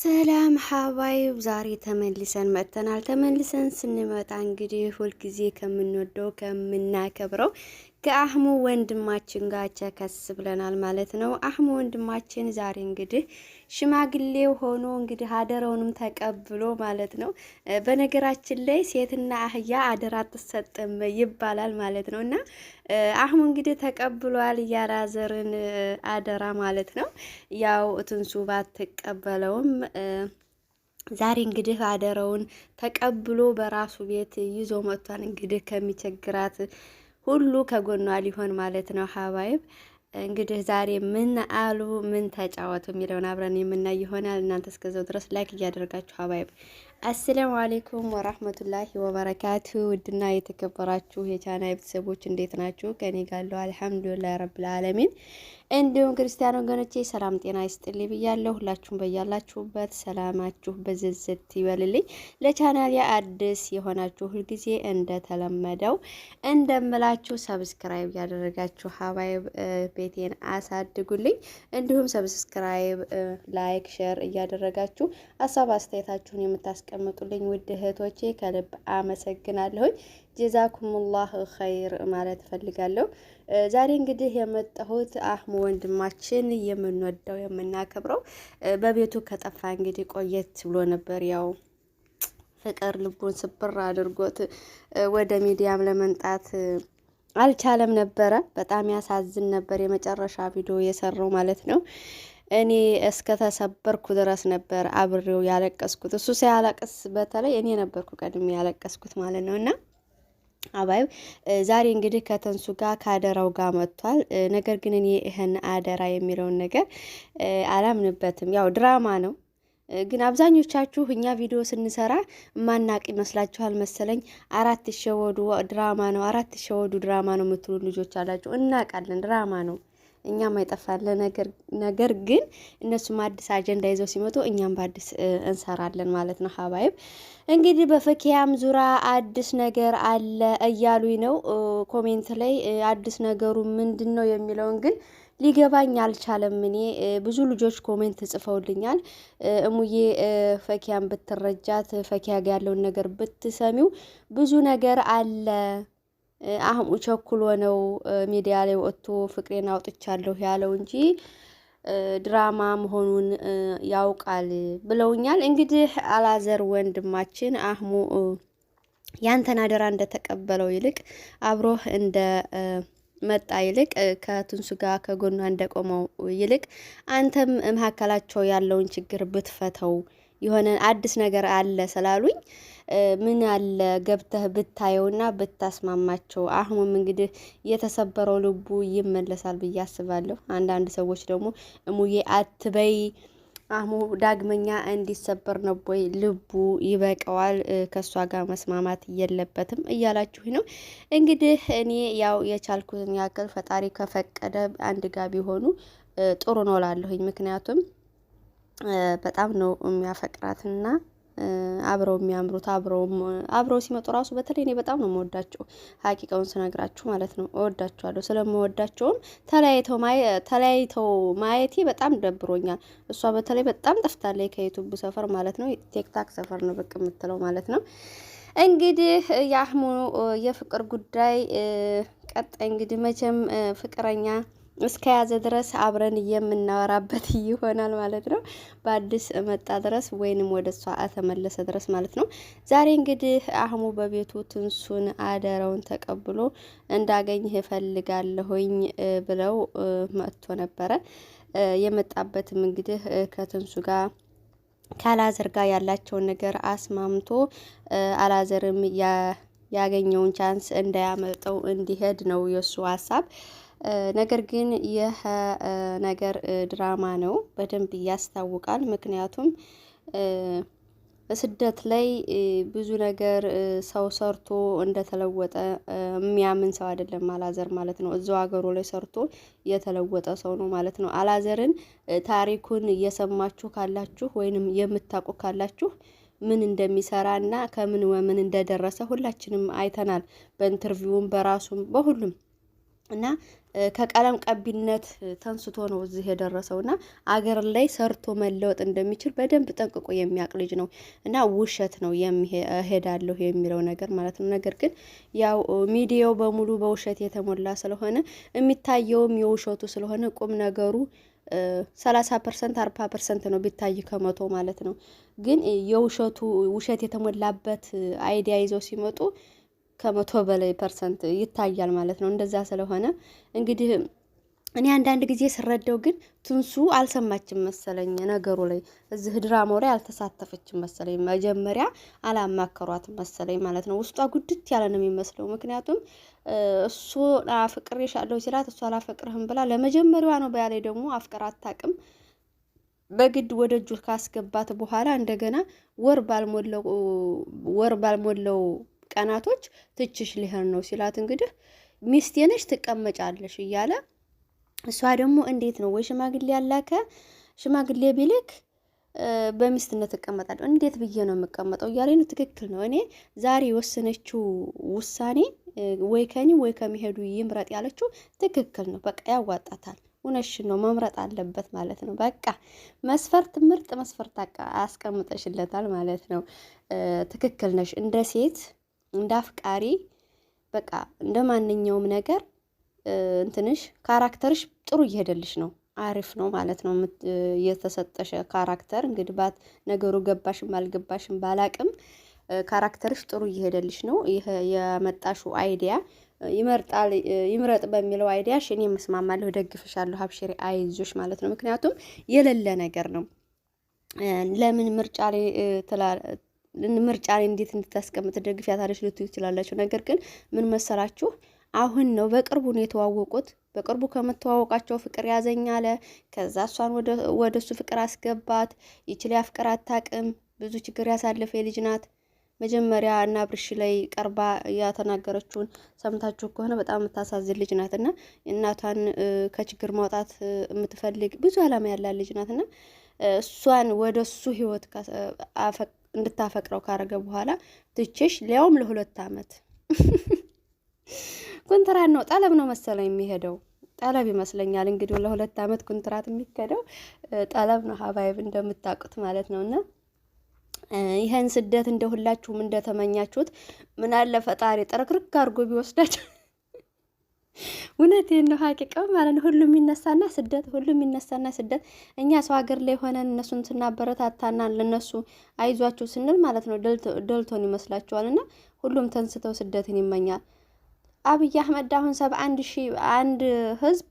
ሰላም ሀባይብ ዛሬ ተመልሰን መጥተናል። ተመልሰን ስንመጣ እንግዲህ ሁልጊዜ ከምንወደው ከምናከብረው ከአህሙ ወንድማችን ጋር ቸከስ ብለናል ማለት ነው። አህሙ ወንድማችን ዛሬ እንግዲህ ሽማግሌው ሆኖ እንግዲህ አደራውንም ተቀብሎ ማለት ነው። በነገራችን ላይ ሴትና አህያ አደራ አትሰጥም ይባላል ማለት ነው እና አህሙ እንግዲህ ተቀብሏል ያላዘርን አደራ ማለት ነው። ያው ትንሱ ባትቀበለውም ዛሬ እንግዲህ አደራውን ተቀብሎ በራሱ ቤት ይዞ መጥቷል። እንግዲህ ከሚቸግራት ሁሉ ከጎኗ ሊሆን ማለት ነው። ሀባይብ እንግዲህ ዛሬ ምን አሉ ምን ተጫወቱ የሚለውን አብረን የምናይ ይሆናል። እናንተ እስከዛው ድረስ ላይክ እያደረጋችሁ ሀባይብ። አሰላሙ አሌይኩም ወራህመቱላሂ ወበረካቱ። ውድና የተከበራችሁ የቻና ቤተሰቦች እንዴት ናችሁ? ከኔ ጋለው አልሐምዱሊላህ ረብልአለሚን እንዲሁም ክርስቲያን ወገኖቼ ሰላም ጤና ይስጥልኝ ብያለሁ። ሁላችሁም በያላችሁበት ሰላማችሁ በዝዝት ይበልልኝ። ለቻናል አዲስ የሆናችሁ ሁልጊዜ እንደተለመደው እንደምላችሁ ሰብስክራይብ ያደረጋችሁ ሀባይብ ቤቴን አሳድጉልኝ። እንዲሁም ሰብስክራይብ፣ ላይክ፣ ሼር እያደረጋችሁ ሀሳብ አስተያየታችሁን የምታስቀምጡልኝ ውድ እህቶቼ ከልብ አመሰግናለሁኝ። ጀዛኩሙላህ ኸይር ማለት እፈልጋለሁ። ዛሬ እንግዲህ የመጣሁት አህሙ ወንድማችን የምንወደው የምናከብረው በቤቱ ከጠፋ እንግዲህ ቆየት ብሎ ነበር ያው ፍቅር ልቡን ስብር አድርጎት ወደ ሚዲያም ለመምጣት አልቻለም ነበረ። በጣም ያሳዝን ነበር። የመጨረሻ ቪዲዮ የሰራው ማለት ነው። እኔ እስከ ተሰበርኩ ድረስ ነበር አብሬው ያለቀስኩት። እሱ ሳያለቅስ በተለይ እኔ ነበርኩ ቀድሜ ያለቀስኩት ማለት ነው እና አባይ ዛሬ እንግዲህ ከተንሱ ጋር ከአደራው ጋር መጥቷል። ነገር ግን እኔ ይህን አደራ የሚለውን ነገር አላምንበትም። ያው ድራማ ነው። ግን አብዛኞቻችሁ እኛ ቪዲዮ ስንሰራ ማናቅ ይመስላችኋል መሰለኝ። አራት ሸወዱ ድራማ ነው፣ አራት ሸወዱ ድራማ ነው የምትሉ ልጆች አላችሁ። እናቃለን፣ ድራማ ነው እኛም አይጠፋለን ነገር ነገር ግን እነሱም አዲስ አጀንዳ ይዘው ሲመጡ እኛም በአዲስ እንሰራለን ማለት ነው። ሀባይብ እንግዲህ በፈኪያም ዙራ አዲስ ነገር አለ እያሉኝ ነው ኮሜንት ላይ። አዲስ ነገሩ ምንድን ነው የሚለውን ግን ሊገባኝ አልቻለም። እኔ ብዙ ልጆች ኮሜንት ጽፈውልኛል። እሙዬ ፈኪያን ብትረጃት፣ ፈኪያ ያለውን ነገር ብትሰሚው ብዙ ነገር አለ አህሙ ቸኩሎ ነው ሚዲያ ላይ ወጥቶ ፍቅሬን አውጥቻለሁ ያለው እንጂ ድራማ መሆኑን ያውቃል ብለውኛል። እንግዲህ አላዘር ወንድማችን አህሙ ያንተን አደራ እንደተቀበለው ይልቅ አብሮህ እንደ መጣ ይልቅ ከትንሱ ጋር ከጎኗ እንደቆመው ይልቅ አንተም መካከላቸው ያለውን ችግር ብትፈተው የሆነ አዲስ ነገር አለ ስላሉኝ ምን አለ ገብተህ ብታየውና ብታስማማቸው። አህሙም እንግዲህ የተሰበረው ልቡ ይመለሳል ብዬ አስባለሁ። አንዳንድ ሰዎች ደግሞ እሙዬ አትበይ አህሙ ዳግመኛ እንዲሰበር ነው ወይ ልቡ ይበቀዋል፣ ከእሷ ጋር መስማማት የለበትም እያላችሁ ነው። እንግዲህ እኔ ያው የቻልኩትን ያክል ፈጣሪ ከፈቀደ አንድ ጋር ቢሆኑ ጥሩ ነው ላለሁኝ ምክንያቱም በጣም ነው የሚያፈቅራትና አብረው የሚያምሩት አብረው ሲመጡ ራሱ በተለይ እኔ በጣም ነው መወዳቸው። ሀቂቀውን ስነግራችሁ ማለት ነው እወዳቸዋለሁ። ስለመወዳቸውም ተለያይተው ማየቴ በጣም ደብሮኛል። እሷ በተለይ በጣም ጠፍታለች ከዩቱብ ሰፈር ማለት ነው። ቴክታክ ሰፈር ነው ብቅ የምትለው ማለት ነው። እንግዲህ የአህሙ የፍቅር ጉዳይ ቀጣይ እንግዲህ መቼም ፍቅረኛ እስከ ያዘ ድረስ አብረን የምናወራበት ይሆናል ማለት ነው። በአዲስ መጣ ድረስ ወይንም ወደ እሷ ተመለሰ ድረስ ማለት ነው። ዛሬ እንግዲህ አህሙ በቤቱ ትንሱን አደረውን ተቀብሎ እንዳገኝ እፈልጋለሁኝ ብለው መጥቶ ነበረ። የመጣበትም እንግዲህ ከትንሱ ጋር ካላዘር ጋር ያላቸውን ነገር አስማምቶ አላዘርም ያገኘውን ቻንስ እንዳያመጠው እንዲሄድ ነው የእሱ ሀሳብ። ነገር ግን ይህ ነገር ድራማ ነው፣ በደንብ ያስታውቃል። ምክንያቱም በስደት ላይ ብዙ ነገር ሰው ሰርቶ እንደተለወጠ የሚያምን ሰው አይደለም አላዘር ማለት ነው። እዛው ሀገሩ ላይ ሰርቶ የተለወጠ ሰው ነው ማለት ነው። አላዘርን ታሪኩን እየሰማችሁ ካላችሁ ወይንም የምታውቁ ካላችሁ ምን እንደሚሰራ እና ከምን ወምን እንደደረሰ ሁላችንም አይተናል፣ በኢንተርቪውም በራሱም በሁሉም እና ከቀለም ቀቢነት ተንስቶ ነው እዚህ የደረሰው እና አገር ላይ ሰርቶ መለወጥ እንደሚችል በደንብ ጠንቅቆ የሚያውቅ ልጅ ነው እና ውሸት ነው እሄዳለሁ የሚለው ነገር ማለት ነው። ነገር ግን ያው ሚዲያው በሙሉ በውሸት የተሞላ ስለሆነ የሚታየውም የውሸቱ ስለሆነ ቁም ነገሩ ሰላሳ ፐርሰንት አርባ ፐርሰንት ነው ቢታይ ከመቶ ማለት ነው። ግን የውሸቱ ውሸት የተሞላበት አይዲያ ይዘው ሲመጡ ከመቶ በላይ ፐርሰንት ይታያል ማለት ነው። እንደዛ ስለሆነ እንግዲህ እኔ አንዳንድ ጊዜ ስረዳው ግን ትንሱ አልሰማችም መሰለኝ ነገሩ ላይ እዚህ ድራማው ላይ አልተሳተፈችም መሰለኝ። መጀመሪያ አላማከሯት መሰለኝ ማለት ነው። ውስጧ ጉድት ያለ ነው የሚመስለው። ምክንያቱም እሱ አፍቅሬሻለሁ ሲላት እሱ አላፈቅርህም ብላ ለመጀመሪያዋ ነው። በያ ደግሞ አፍቀር አታቅም በግድ ወደ እጁ ካስገባት በኋላ እንደገና ወር ባልሞላው ወር ባልሞላው ቀናቶች ትችሽ ሊሄድ ነው ሲላት እንግዲህ ሚስቴ ነሽ ትቀመጫለሽ እያለ እሷ ደግሞ እንዴት ነው ወይ ሽማግሌ ያላከ ሽማግሌ ቢልክ በሚስትነት እቀመጣለሁ እንዴት ብዬ ነው የምቀመጠው እያለ ነው። ትክክል ነው። እኔ ዛሬ የወሰነችው ውሳኔ ወይ ከኒ ወይ ከሚሄዱ ይምረጥ ያለችው ትክክል ነው። በቃ ያዋጣታል። እውነሽ ነው መምረጥ አለበት ማለት ነው። በቃ መስፈርት ምርጥ መስፈርት አስቀምጠሽለታል ማለት ነው። ትክክል ነሽ እንደ ሴት እንደ አፍቃሪ በቃ እንደ ማንኛውም ነገር እንትንሽ ካራክተርሽ ጥሩ እየሄደልሽ ነው። አሪፍ ነው ማለት ነው የተሰጠሽ ካራክተር። እንግዲህ ባት ነገሩ ገባሽም አልገባሽም ባላቅም ካራክተርሽ ጥሩ እየሄደልሽ ነው። ይህ የመጣሹ አይዲያ ይመርጣል ይምረጥ በሚለው አይዲያሽ እኔ መስማማለሁ፣ ደግፍሻለሁ። ሀብሽሪ አይዞሽ ማለት ነው። ምክንያቱም የሌለ ነገር ነው። ለምን ምርጫ ላይ ምርጫ ላይ እንዴት እንድታስቀምጥ ደግፊያታለች ልትዩ ትችላላችሁ። ነገር ግን ምን መሰላችሁ አሁን ነው በቅርቡ ነው የተዋወቁት። በቅርቡ ከመተዋወቃቸው ፍቅር ያዘኝ አለ። ከዛ እሷን ወደ እሱ ፍቅር አስገባት። ይችል ያፍቅር አታቅም። ብዙ ችግር ያሳለፈ የልጅ ናት። መጀመሪያ እና ብርሽ ላይ ቀርባ ያተናገረችውን ሰምታችሁ ከሆነ በጣም የምታሳዝን ልጅ ናት እና እናቷን ከችግር ማውጣት የምትፈልግ ብዙ ዓላማ ያላት ልጅ ናት እና እሷን ወደ እሱ ህይወት እንድታፈቅረው ካረገ በኋላ ትቼሽ ሊያውም ለሁለት አመት ኩንትራት ነው ጠለብ ነው መሰለ የሚሄደው ጠለብ ይመስለኛል። እንግዲህ ለሁለት ዓመት ኩንትራት የሚከደው ጠለብ ነው ሀባይብ እንደምታውቁት ማለት ነው እና ይህን ስደት እንደ ሁላችሁም እንደተመኛችሁት ምናለ ፈጣሪ ጥርክርክ አድርጎ ቢወስዳቸው እውነቴን ነው ሀቂቃው ማለት ነው። ሁሉም የሚነሳና ስደት ሁሉም የሚነሳና ስደት እኛ ሰው ሀገር ላይ ሆነን እነሱን ስናበረታታና ለነሱ አይዟቸው ስንል ማለት ነው ደልቶን ይመስላቸዋል። እና ሁሉም ተንስተው ስደትን ይመኛል። አብይ አህመድ አሁን ሰብ አንድ ሺ አንድ ህዝብ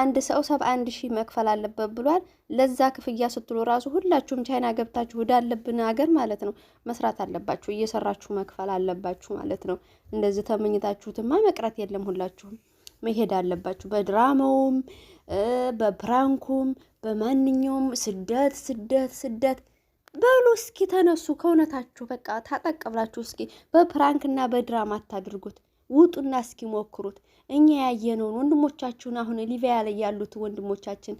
አንድ ሰው ሰብ አንድ ሺህ መክፈል አለበት ብሏል። ለዛ ክፍያ ስትሉ ራሱ ሁላችሁም ቻይና ገብታችሁ ወዳለብን ሀገር ማለት ነው መስራት አለባችሁ፣ እየሰራችሁ መክፈል አለባችሁ ማለት ነው። እንደዚህ ተመኝታችሁትማ መቅረት የለም ሁላችሁም። መሄድ አለባችሁ። በድራማውም በፕራንኩም በማንኛውም ስደት ስደት ስደት በሉ እስኪ ተነሱ ከእውነታችሁ። በቃ ታጠቅ ብላችሁ እስኪ በፕራንክና በድራማ አታድርጉት። ውጡና እስኪ ሞክሩት። እኛ ያየነውን ወንድሞቻችሁን አሁን ሊቢያ ላይ ያሉት ወንድሞቻችን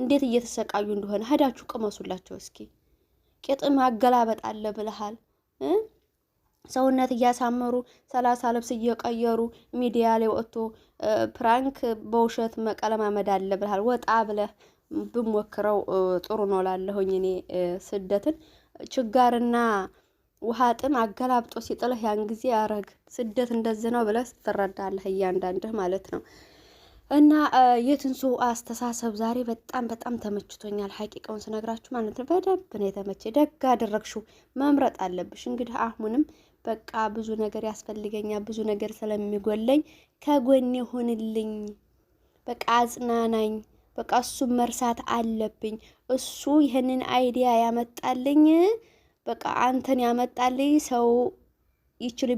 እንዴት እየተሰቃዩ እንደሆነ ሄዳችሁ ቅመሱላቸው እስኪ። ቄጥም አገላበጥ አለ ብለሃል። ሰውነት እያሳመሩ ሰላሳ ልብስ እየቀየሩ ሚዲያ ላይ ወጥቶ ፕራንክ በውሸት መቀለማመድ አለ ብልሃል ወጣ ብለህ ብሞክረው ጥሩ ነው ላለሁኝ እኔ ስደትን ችጋርና ውሃ ጥም አገላብጦ ሲጥልህ ያን ጊዜ አረግ ስደት እንደዚህ ነው ብለህ ትረዳለህ እያንዳንድህ ማለት ነው። እና የትንሱ አስተሳሰብ ዛሬ በጣም በጣም ተመችቶኛል። ሀቂቀውን ስነግራችሁ ማለት ነው። በደንብ ነው የተመቸ። ደግ አደረግሽው። መምረጥ አለብሽ እንግዲህ አሁንም በቃ ብዙ ነገር ያስፈልገኛል፣ ብዙ ነገር ስለሚጎለኝ ከጎኔ ሁንልኝ፣ በቃ አጽናናኝ፣ በቃ እሱን መርሳት አለብኝ። እሱ ይህንን አይዲያ ያመጣልኝ በቃ አንተን ያመጣልኝ ሰው ይችል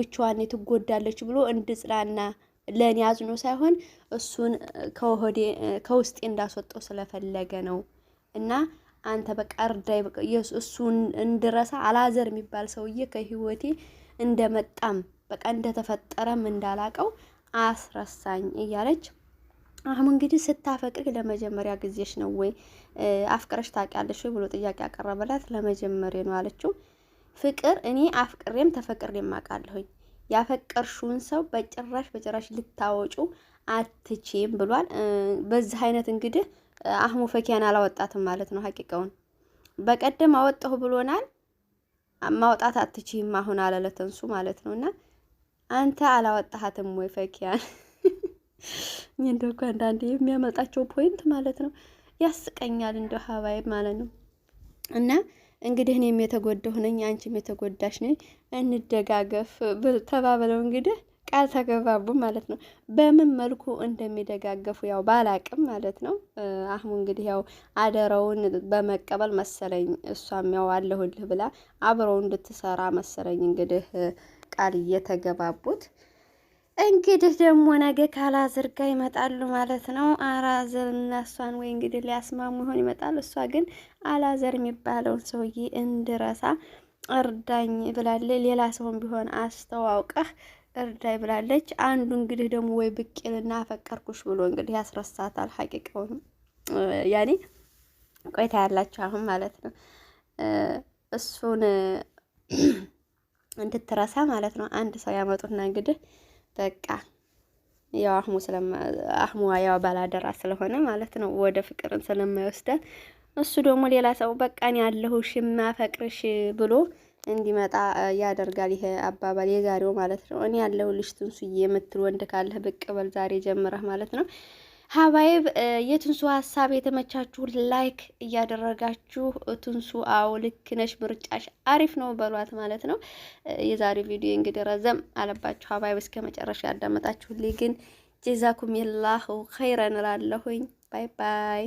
ብቻዋን ትጎዳለች ብሎ እንድጽናና ለእኔ አዝኖ ሳይሆን እሱን ከውስጤ እንዳስወጣው ስለፈለገ ነው እና አንተ በቃ እርዳይ፣ እሱን እንድረሳ አላዘር የሚባል ሰውዬ ከህይወቴ እንደመጣም በቃ እንደተፈጠረም እንዳላቀው አስረሳኝ እያለች አሁን እንግዲህ ስታፈቅሪ ለመጀመሪያ ጊዜሽ ነው ወይ አፍቅረሽ ታውቂያለሽ ወይ ብሎ ጥያቄ ያቀረበላት ለመጀመሪያ ነው አለችው። ፍቅር እኔ አፍቅሬም ተፈቅሬም አውቃለሁኝ ያፈቀርሽውን ሰው በጭራሽ በጭራሽ ልታወጩ አትችም ብሏል። በዚህ አይነት እንግዲህ አህሙ ፈኪያን አላወጣትም ማለት ነው። ሀቂቀውን በቀደም አወጣሁ ብሎናል። ማውጣት አትችይም አሁን አለለተንሱ ማለት ነው። እና አንተ አላወጣሃትም ወይ ፈኪያን? እንደው እኮ አንዳንዴ የሚያመጣቸው ፖይንት ማለት ነው ያስቀኛል። እንደው ሀባይ ማለት ነው እና እንግዲህ እኔም የተጎዳሁ ነኝ፣ አንቺም የተጎዳሽ ነኝ። እንደጋገፍ ተባብለው እንግዲህ ቃል ተገባቡ ማለት ነው። በምን መልኩ እንደሚደጋገፉ ያው ባላቅም ማለት ነው። አህሙ እንግዲህ ያው አደረውን በመቀበል መሰለኝ እሷም ያው አለሁልህ ብላ አብረው እንድትሰራ መሰለኝ እንግዲህ ቃል እየተገባቡት እንግዲህ ደግሞ ነገ ካላዝር ጋር ይመጣሉ ማለት ነው። አላዘር እና እሷን ወይ እንግዲህ ሊያስማሙ ይሆን ይመጣል። እሷ ግን አላዘር የሚባለውን ሰውዬ እንድረሳ እርዳኝ ብላለ። ሌላ ሰውን ቢሆን አስተዋውቀህ እርዳይ ብላለች። አንዱ እንግዲህ ደግሞ ወይ ብቄልና አፈቀርኩሽ ብሎ እንግዲህ ያስረሳታል። ሀቂቃውንም ያኔ ቆይታ ያላቸው አሁን ማለት ነው እሱን እንድትረሳ ማለት ነው። አንድ ሰው ያመጡና እንግዲህ በቃ ያው አህሙ ያው ባላደራ ስለሆነ ማለት ነው ወደ ፍቅርን ስለማይወስደን። እሱ ደግሞ ሌላ ሰው በቃን እኔ ያለሁሽ የማፈቅርሽ ብሎ እንዲመጣ ያደርጋል። ይሄ አባባል የዛሬው ማለት ነው። እኔ ልጅ ትንሱዬ የምትል ወንድ ካለህ ብቅ በል ዛሬ ጀምረህ ማለት ነው። ሀባይብ የትንሱ ሀሳብ የተመቻችሁ ላይክ እያደረጋችሁ ትንሱ አዎ ልክ ነሽ፣ ምርጫሽ አሪፍ ነው በሏት ማለት ነው። የዛሬ ቪዲዮ እንግዲህ ረዘም አለባችሁ ሀባይብ እስከ መጨረሻ ያዳመጣችሁልኝ ግን ጀዛኩም የላሁ ኸይረን እላለሁኝ። ባይ ባይ።